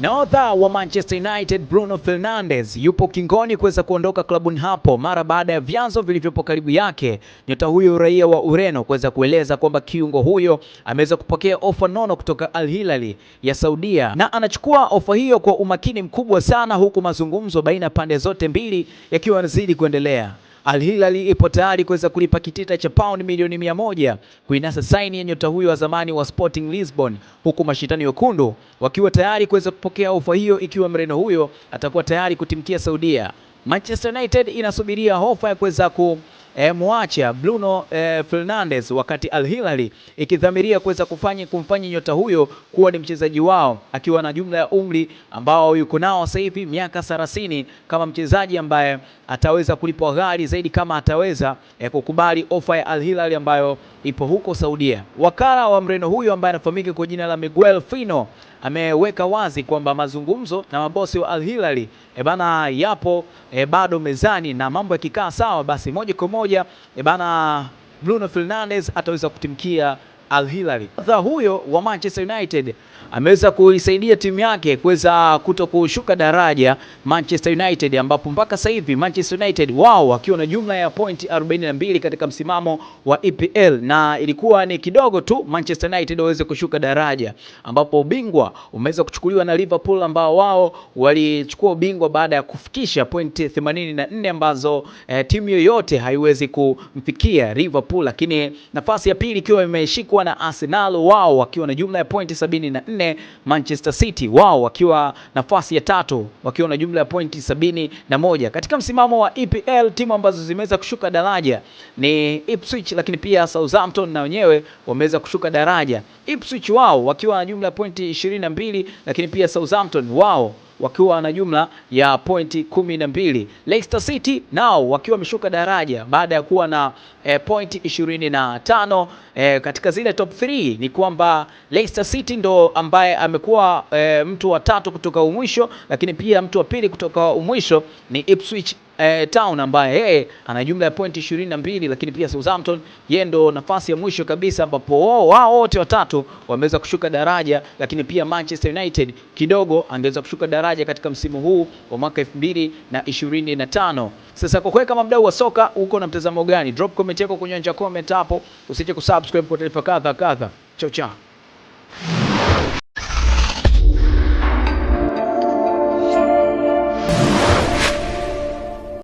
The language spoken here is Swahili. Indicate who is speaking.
Speaker 1: Nahodha wa Manchester United Bruno Fernandes yupo kingoni kuweza kuondoka klabuni hapo mara baada ya vyanzo vilivyopo karibu yake nyota huyo raia wa Ureno kuweza kueleza kwamba kiungo huyo ameweza kupokea ofa nono kutoka Al Hilal ya Saudia na anachukua ofa hiyo kwa umakini mkubwa sana, huku mazungumzo baina ya pande zote mbili yakiwa yanazidi kuendelea. Al Hilal ipo tayari kuweza kulipa kitita cha paundi milioni mia moja kuinasa saini ya nyota huyo wa zamani wa Sporting Lisbon, huku mashindano wekundu wakiwa tayari kuweza kupokea ofa hiyo ikiwa mreno huyo atakuwa tayari kutimkia Saudia. Manchester United inasubiria ofa ya kuweza ku e, eh, mwacha Bruno e, Fernandes wakati Al Hilali ikidhamiria kuweza kufanya kumfanya nyota huyo kuwa ni mchezaji wao akiwa na jumla ya umri ambao yuko nao sasa hivi miaka 30 kama mchezaji ambaye ataweza kulipwa ghali zaidi kama ataweza e, kukubali ofa ya Al Hilali ambayo ipo huko Saudia. Wakala wa Mreno huyo ambaye anafahamika kwa jina la Miguel Fino ameweka wazi kwamba mazungumzo na mabosi wa Al Hilali e eh bana yapo e bado mezani, na mambo yakikaa sawa, basi moja kwa moja e bana Bruno Fernandes ataweza kutimkia Al Hilal. Sasa huyo wa Manchester United ameweza kuisaidia timu yake kuweza kuto kushuka daraja Manchester United, ambapo mpaka sasa hivi Manchester United wao wakiwa na jumla ya pointi 42 katika msimamo wa EPL, na ilikuwa ni kidogo tu Manchester United waweze kushuka daraja, ambapo ubingwa umeweza kuchukuliwa na Liverpool ambao wao walichukua ubingwa baada ya kufikisha pointi 84 ambazo eh, timu yoyote haiwezi kumfikia Liverpool, lakini nafasi ya pili ikiwa imeshikwa kuwa na Arsenal wao wakiwa na jumla ya pointi 74, Manchester City wao wakiwa nafasi ya tatu wakiwa na jumla ya pointi 71. Katika msimamo wa EPL timu ambazo zimeweza kushuka daraja ni Ipswich, lakini pia Southampton na wenyewe wameweza kushuka daraja. Ipswich wao wakiwa na jumla ya pointi 22, lakini pia Southampton wao wakiwa na jumla ya pointi kumi na mbili. Leicester City nao wakiwa wameshuka daraja baada ya kuwa na e, pointi ishirini na tano e, katika zile top 3 ni kwamba Leicester City ndo ambaye amekuwa e, mtu wa tatu kutoka umwisho, lakini pia mtu wa pili kutoka umwisho ni Ipswich eh, Town ambaye yeye ana jumla ya pointi ishirini na mbili, lakini pia Southampton yeye ndo nafasi ya mwisho kabisa, ambapo wao oh, wote watatu wameweza kushuka daraja, lakini pia Manchester United kidogo angeweza kushuka daraja katika msimu huu wa mwaka 2025. Sasa kwa kweli, kama mdau wa soka, uko na mtazamo gani? Drop comment yako kwenye anja comment hapo, usiache kusubscribe kwa taarifa kadha kadha. Chao chao.